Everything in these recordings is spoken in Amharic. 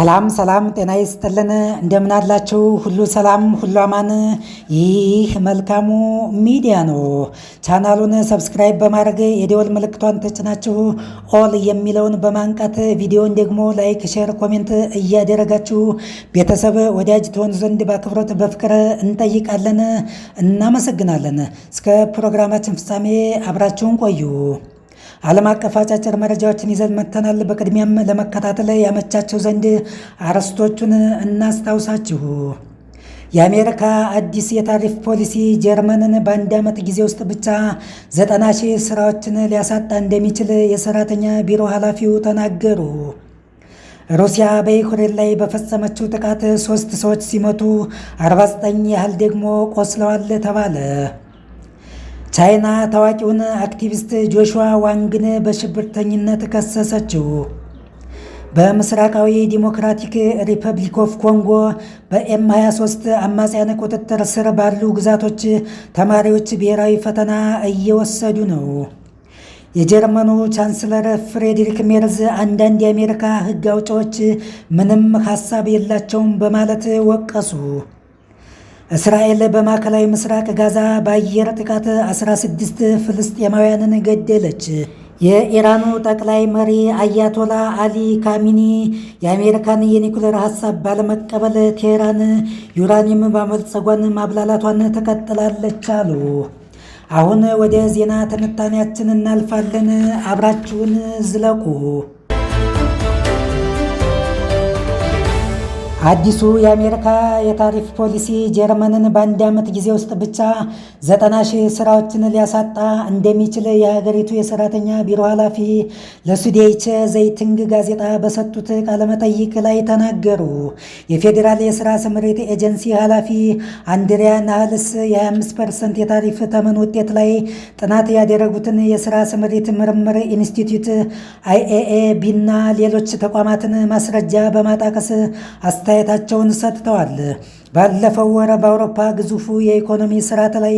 ሰላም ሰላም፣ ጤና ይስጥልን። እንደምን አላችሁ? ሁሉ ሰላም፣ ሁሉ አማን። ይህ መልካሙ ሚዲያ ነው። ቻናሉን ሰብስክራይብ በማድረግ የደወል ምልክቷን ተጭናችሁ ኦል የሚለውን በማንቃት ቪዲዮን ደግሞ ላይክ፣ ሼር፣ ኮሜንት እያደረጋችሁ ቤተሰብ ወዳጅ ትሆኑ ዘንድ በአክብሮት በፍቅር እንጠይቃለን። እናመሰግናለን። እስከ ፕሮግራማችን ፍጻሜ አብራችሁን ቆዩ። ዓለም አቀፍ አጫጭር መረጃዎችን ይዘን መተናል። በቅድሚያም ለመከታተል ያመቻቸው ዘንድ አርዕስቶቹን እናስታውሳችሁ። የአሜሪካ አዲስ የታሪፍ ፖሊሲ ጀርመንን በአንድ ዓመት ጊዜ ውስጥ ብቻ ዘጠና ሺህ ስራዎችን ሊያሳጣ እንደሚችል የሰራተኛ ቢሮ ኃላፊው ተናገሩ። ሩሲያ በዩክሬን ላይ በፈጸመችው ጥቃት ሶስት ሰዎች ሲሞቱ 49 ያህል ደግሞ ቆስለዋል ተባለ። ቻይና ታዋቂውን አክቲቪስት ጆሹዋ ዋንግን በሽብርተኝነት ከሰሰችው። በምስራቃዊ ዲሞክራቲክ ሪፐብሊክ ኦፍ ኮንጎ በኤም 23 አማጽያን ቁጥጥር ስር ባሉ ግዛቶች ተማሪዎች ብሔራዊ ፈተና እየወሰዱ ነው። የጀርመኑ ቻንስለር ፍሬድሪክ ሜርዝ አንዳንድ የአሜሪካ ሕግ አውጪዎች ምንም ሀሳብ የላቸውም በማለት ወቀሱ። እስራኤል በማዕከላዊ ምስራቅ ጋዛ በአየር ጥቃት 16 ፍልስጤማውያንን ገደለች። የኢራኑ ጠቅላይ መሪ አያቶላ አሊ ካሚኒ የአሜሪካን የኒኩሌር ሀሳብ ባለመቀበል ቴህራን ዩራኒየም ማበልጸጓን ማብላላቷን ተቀጥላለች አሉ። አሁን ወደ ዜና ትንታኔያችን እናልፋለን። አብራችሁን ዝለቁ። አዲሱ የአሜሪካ የታሪፍ ፖሊሲ ጀርመንን በአንድ ዓመት ጊዜ ውስጥ ብቻ ዘጠና ሺህ ስራዎችን ሊያሳጣ እንደሚችል የሀገሪቱ የሰራተኛ ቢሮ ኃላፊ ለሱዴይቸ ዘይትንግ ጋዜጣ በሰጡት ቃለመጠይቅ ላይ ተናገሩ። የፌዴራል የስራ ስምሪት ኤጀንሲ ኃላፊ አንድሪያ ናህልስ የ25 ፐርሰንት የታሪፍ ተመን ውጤት ላይ ጥናት ያደረጉትን የስራ ስምሪት ምርምር ኢንስቲትዩት አይኤኤ ቢና ሌሎች ተቋማትን ማስረጃ በማጣቀስ አስ አስተያየታቸውን ሰጥተዋል። ባለፈው ወር በአውሮፓ ግዙፉ የኢኮኖሚ ስርዓት ላይ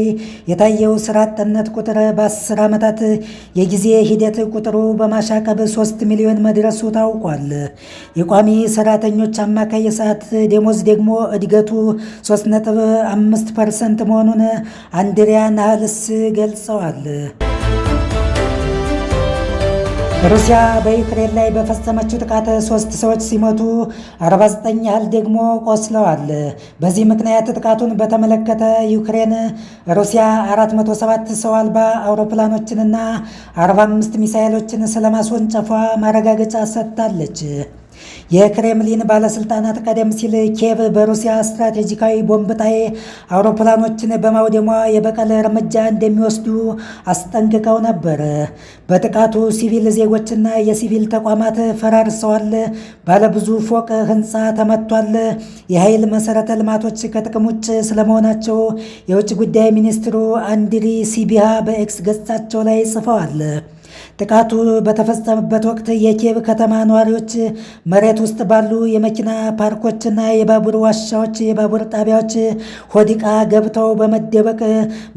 የታየው ስራ አጥነት ቁጥር በአስር ዓመታት የጊዜ ሂደት ቁጥሩ በማሻቀብ 3 ሚሊዮን መድረሱ ታውቋል። የቋሚ ሰራተኞች አማካይ ሰዓት ደሞዝ ደግሞ እድገቱ 3.5 ፐርሰንት መሆኑን አንድሪያ ናህልስ ገልጸዋል። ሩሲያ በዩክሬን ላይ በፈጸመችው ጥቃት ሶስት ሰዎች ሲሞቱ 49 ያህል ደግሞ ቆስለዋል። በዚህ ምክንያት ጥቃቱን በተመለከተ ዩክሬን ሩሲያ 407 ሰው አልባ አውሮፕላኖችንና 45 ሚሳይሎችን ስለማስወንጨፏ ማረጋገጫ ሰጥታለች። የክሬምሊን ባለስልጣናት ቀደም ሲል ኬቭ በሩሲያ ስትራቴጂካዊ ቦምብ ጣይ አውሮፕላኖችን በማውደሟ የበቀል እርምጃ እንደሚወስዱ አስጠንቅቀው ነበር። በጥቃቱ ሲቪል ዜጎችና የሲቪል ተቋማት ፈራርሰዋል፣ ባለብዙ ፎቅ ህንፃ ተመቷል፣ የኃይል መሰረተ ልማቶች ከጥቅም ውጭ ስለመሆናቸው የውጭ ጉዳይ ሚኒስትሩ አንድሪ ሲቢሃ በኤክስ ገጻቸው ላይ ጽፈዋል። ጥቃቱ በተፈጸመበት ወቅት የኪየቭ ከተማ ነዋሪዎች መሬት ውስጥ ባሉ የመኪና ፓርኮችና የባቡር ዋሻዎች፣ የባቡር ጣቢያዎች ሆዲቃ ገብተው በመደበቅ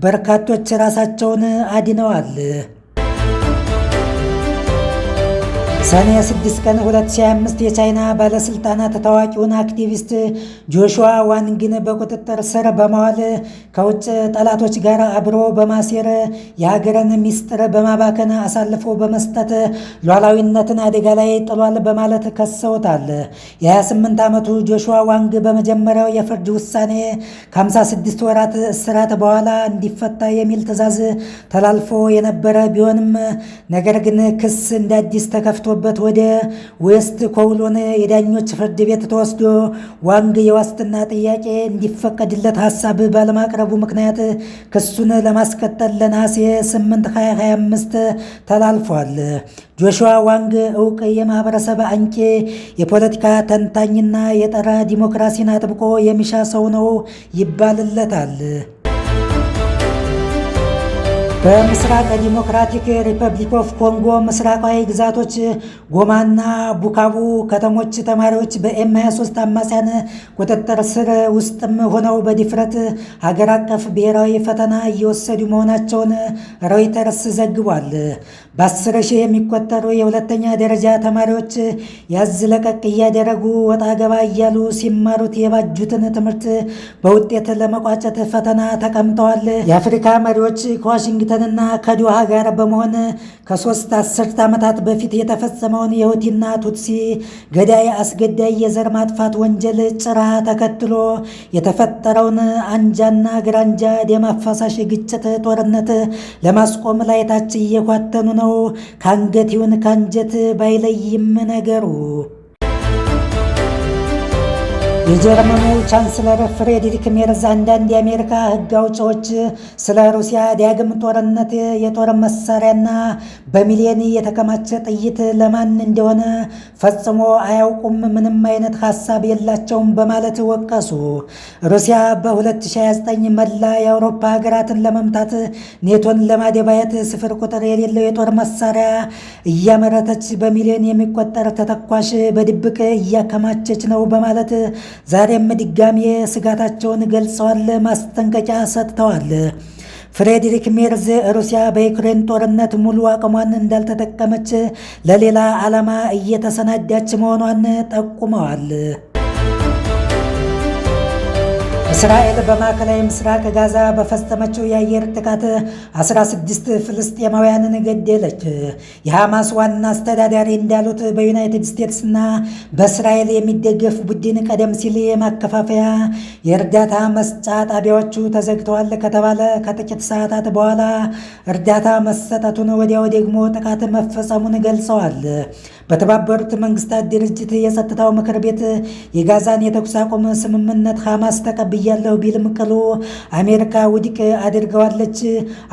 በርካቶች ራሳቸውን አድነዋል። ሰኔ 6 ቀን 2025 የቻይና ባለስልጣናት ታዋቂውን አክቲቪስት ጆሹዋ ዋንግን በቁጥጥር ስር በማዋል ከውጭ ጠላቶች ጋር አብሮ በማሴር የሀገርን ሚስጥር በማባከን አሳልፎ በመስጠት ሉዓላዊነትን አደጋ ላይ ጥሏል በማለት ከሰውታል። የ28 ዓመቱ ጆሹዋ ዋንግ በመጀመሪያው የፍርድ ውሳኔ ከ56 ወራት እስራት በኋላ እንዲፈታ የሚል ትዕዛዝ ተላልፎ የነበረ ቢሆንም ነገር ግን ክስ እንደ አዲስ ተከፍቶ ተፈርዶበት ወደ ዌስት ኮውሎን የዳኞች ፍርድ ቤት ተወስዶ ዋንግ የዋስትና ጥያቄ እንዲፈቀድለት ሀሳብ ባለማቅረቡ ምክንያት ክሱን ለማስቀጠል ለነሐሴ 8 2025 ተላልፏል። ጆሹዋ ዋንግ እውቅ የማህበረሰብ አንቂ፣ የፖለቲካ ተንታኝና የጠራ ዲሞክራሲን አጥብቆ የሚሻ ሰው ነው ይባልለታል። በምስራቅ ዲሞክራቲክ ሪፐብሊክ ኦፍ ኮንጎ ምስራቃዊ ግዛቶች ጎማና ቡካቡ ከተሞች ተማሪዎች በኤም 23 አማጽያን ቁጥጥር ስር ውስጥም ሆነው በድፍረት ሀገር አቀፍ ብሔራዊ ፈተና እየወሰዱ መሆናቸውን ሮይተርስ ዘግቧል። በአስር ሺህ የሚቆጠሩ የሁለተኛ ደረጃ ተማሪዎች ያዝ ለቀቅ እያደረጉ ወጣ ገባ እያሉ ሲማሩት የባጁትን ትምህርት በውጤት ለመቋጨት ፈተና ተቀምጠዋል። የአፍሪካ መሪዎች ከዋሽንግተንና ከዱሃ ጋር በመሆን ከሶስት አስርት ዓመታት በፊት የተፈጸመውን የሁቲና ቱትሲ ገዳይ አስገዳይ የዘር ማጥፋት ወንጀል ጭራ ተከትሎ የተፈጠረውን አንጃና ግራንጃ ደም አፋሳሽ ግጭት ጦርነት ለማስቆም ላይታች እየኳተኑ ነው። ነው። ከአንገት ይሁን ካንጀት ባይለይም ነገሩ የጀርመኑ ቻንስለር ፍሬድሪክ ሜርዝ አንዳንድ የአሜሪካ ሕግ አውጪዎች ስለ ሩሲያ ዳግም ጦርነት የጦር መሳሪያና በሚሊዮን የተከማቸ ጥይት ለማን እንደሆነ ፈጽሞ አያውቁም፣ ምንም አይነት ሀሳብ የላቸውም በማለት ወቀሱ። ሩሲያ በ2029 መላ የአውሮፓ ሀገራትን ለመምታት ኔቶን ለማደባየት ስፍር ቁጥር የሌለው የጦር መሳሪያ እያመረተች በሚሊዮን የሚቆጠር ተተኳሽ በድብቅ እያከማቸች ነው በማለት ዛሬም ድጋሜ ስጋታቸውን ገልጸዋል፣ ማስጠንቀቂያ ሰጥተዋል። ፍሬድሪክ ሜርዝ ሩሲያ በዩክሬን ጦርነት ሙሉ አቅሟን እንዳልተጠቀመች ለሌላ ዓላማ እየተሰናዳች መሆኗን ጠቁመዋል። እስራኤል በማዕከላዊ ምስራቅ ጋዛ በፈጸመችው የአየር ጥቃት 16 ፍልስጤማውያንን ገደለች። የሐማስ ዋና አስተዳዳሪ እንዳሉት በዩናይትድ ስቴትስና በእስራኤል የሚደገፍ ቡድን ቀደም ሲል የማከፋፈያ የእርዳታ መስጫ ጣቢያዎቹ ተዘግተዋል ከተባለ ከጥቂት ሰዓታት በኋላ እርዳታ መሰጠቱን ወዲያው ደግሞ ጥቃት መፈጸሙን ገልጸዋል። በተባበሩት መንግስታት ድርጅት የጸጥታው ምክር ቤት የጋዛን የተኩስ አቁም ስምምነት ሐማስ ተቀብያለሁ ቢልም ቅሉ አሜሪካ ውድቅ አድርገዋለች።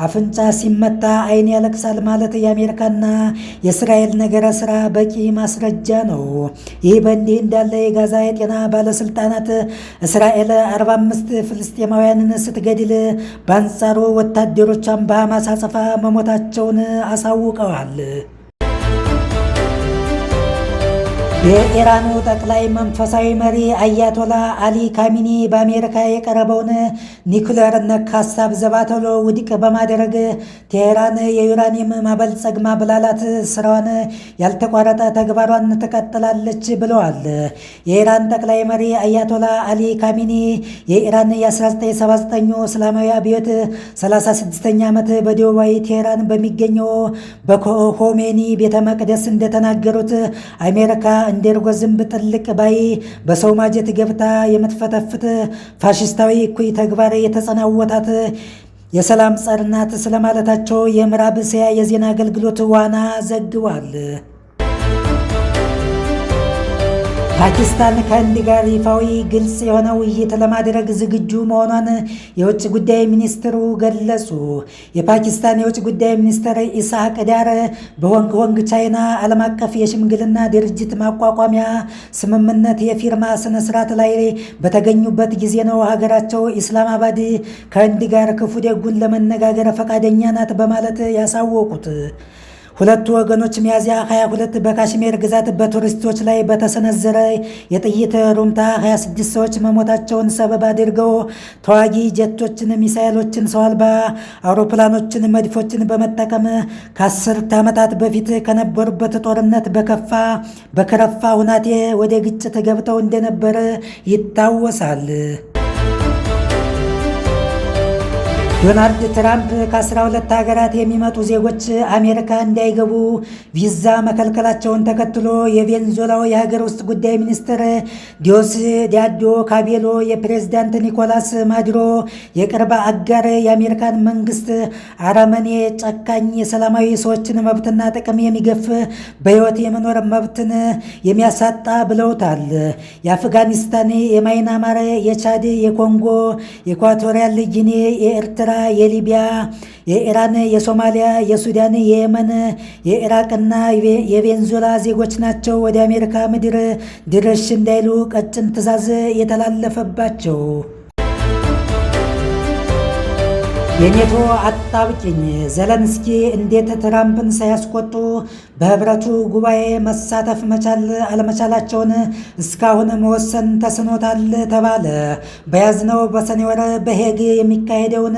አፍንጫ ሲመታ አይን ያለቅሳል ማለት የአሜሪካና የእስራኤል ነገረ ስራ በቂ ማስረጃ ነው። ይህ በእንዲህ እንዳለ የጋዛ የጤና ባለስልጣናት እስራኤል 45 ፍልስጤማውያንን ስትገድል በአንጻሩ ወታደሮቿን በሐማስ አጸፋ መሞታቸውን አሳውቀዋል። የኢራኑ ጠቅላይ መንፈሳዊ መሪ አያቶላ አሊ ካሚኒ በአሜሪካ የቀረበውን ኒኩሌር ነክ ሀሳብ ዘባተሎ ውድቅ በማድረግ ቴሄራን የዩራኒየም ማበልጸግ ማብላላት ስራዋን ያልተቋረጠ ተግባሯን ትቀጥላለች ብለዋል። የኢራን ጠቅላይ መሪ አያቶላ አሊ ካሚኒ የኢራን የ1979 እስላማዊ አብዮት 36ኛ ዓመት በደቡባዊ ቴሄራን በሚገኘው በኮሆሜኒ ቤተ መቅደስ እንደተናገሩት አሜሪካ እንደ ዝንብ ጥልቅ ባይ በሰው ማጀት ገብታ የምትፈተፍት ፋሽስታዊ እኩይ ተግባር የተጸናወታት የሰላም ጸርናት ስለማለታቸው የምዕራብ እስያ የዜና አገልግሎት ዋና ዘግቧል። ፓኪስታን ከህንድ ጋር ይፋዊ ግልጽ የሆነ ውይይት ለማድረግ ዝግጁ መሆኗን የውጭ ጉዳይ ሚኒስትሩ ገለጹ። የፓኪስታን የውጭ ጉዳይ ሚኒስትር ኢስሐቅ ዳር በሆንግ ኮንግ ቻይና ዓለም አቀፍ የሽምግልና ድርጅት ማቋቋሚያ ስምምነት የፊርማ ስነ ስርዓት ላይ በተገኙበት ጊዜ ነው ሀገራቸው ኢስላማባድ ከህንድ ጋር ክፉ ደጉን ለመነጋገር ፈቃደኛ ናት በማለት ያሳወቁት። ሁለቱ ወገኖች ሚያዝያ 22 በካሽሜር ግዛት በቱሪስቶች ላይ በተሰነዘረ የጥይት ሩምታ 26 ሰዎች መሞታቸውን ሰበብ አድርገው ተዋጊ ጀቶችን፣ ሚሳይሎችን፣ ሰው አልባ አውሮፕላኖችን፣ መድፎችን በመጠቀም ከአስርት ዓመታት በፊት ከነበሩበት ጦርነት በከፋ በከረፋ ሁናቴ ወደ ግጭት ገብተው እንደነበረ ይታወሳል። ዶናልድ ትራምፕ ከ12 ሀገራት የሚመጡ ዜጎች አሜሪካ እንዳይገቡ ቪዛ መከልከላቸውን ተከትሎ የቬንዙላው የሀገር ውስጥ ጉዳይ ሚኒስትር ዲዮስ ዲያዶ፣ ካቤሎ የፕሬዝዳንት ኒኮላስ ማዱሮ የቅርብ አጋር የአሜሪካን መንግስት አረመኔ፣ ጨካኝ፣ የሰላማዊ ሰዎችን መብትና ጥቅም የሚገፍ በሕይወት የመኖር መብትን የሚያሳጣ ብለውታል። የአፍጋኒስታን፣ የማይናማር፣ የቻድ፣ የኮንጎ፣ የኢኳቶሪያል ጊኔ፣ የኤርትራ የሊቢያ፣ የኢራን፣ የሶማሊያ፣ የሱዳን፣ የየመን፣ የኢራቅና የቬንዙላ ዜጎች ናቸው ወደ አሜሪካ ምድር ድርሽ እንዳይሉ ቀጭን ትዕዛዝ የተላለፈባቸው። የኔቶ አጣብቂኝ ዘለንስኪ እንዴት ትራምፕን ሳያስቆጡ በህብረቱ ጉባኤ መሳተፍ መቻል አለመቻላቸውን እስካሁን መወሰን ተስኖታል ተባለ። በያዝነው በሰኔ ወር በሄግ የሚካሄደውን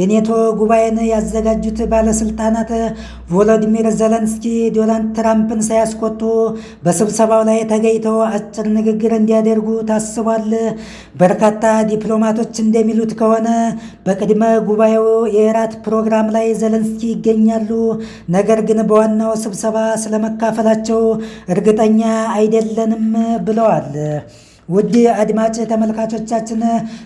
የኔቶ ጉባኤን ያዘጋጁት ባለስልጣናት ቮሎዲሚር ዘለንስኪ ዶናልድ ትራምፕን ሳያስቆጡ በስብሰባው ላይ ተገኝተው አጭር ንግግር እንዲያደርጉ ታስቧል። በርካታ ዲፕሎማቶች እንደሚሉት ከሆነ በቅድመ ጉባኤ በጉባኤው የእራት ፕሮግራም ላይ ዘለንስኪ ይገኛሉ። ነገር ግን በዋናው ስብሰባ ስለመካፈላቸው እርግጠኛ አይደለንም ብለዋል። ውድ አድማጭ ተመልካቾቻችን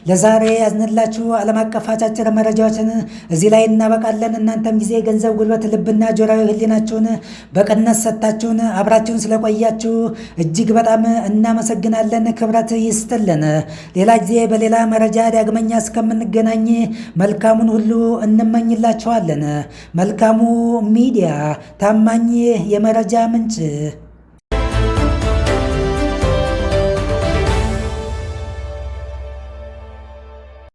ለዛሬ ያዝንላችሁ ዓለም አቀፍ አጫጭር መረጃዎችን እዚህ ላይ እናበቃለን። እናንተም ጊዜ፣ ገንዘብ፣ ጉልበት፣ ልብና ጆሮዊ ሕሊናችሁን በቅነት ሰጥታችሁን አብራችሁን ስለቆያችሁ እጅግ በጣም እናመሰግናለን። ክብረት ይስጥልን። ሌላ ጊዜ በሌላ መረጃ ዳግመኛ እስከምንገናኝ መልካሙን ሁሉ እንመኝላችኋለን። መልካሙ ሚዲያ ታማኝ የመረጃ ምንጭ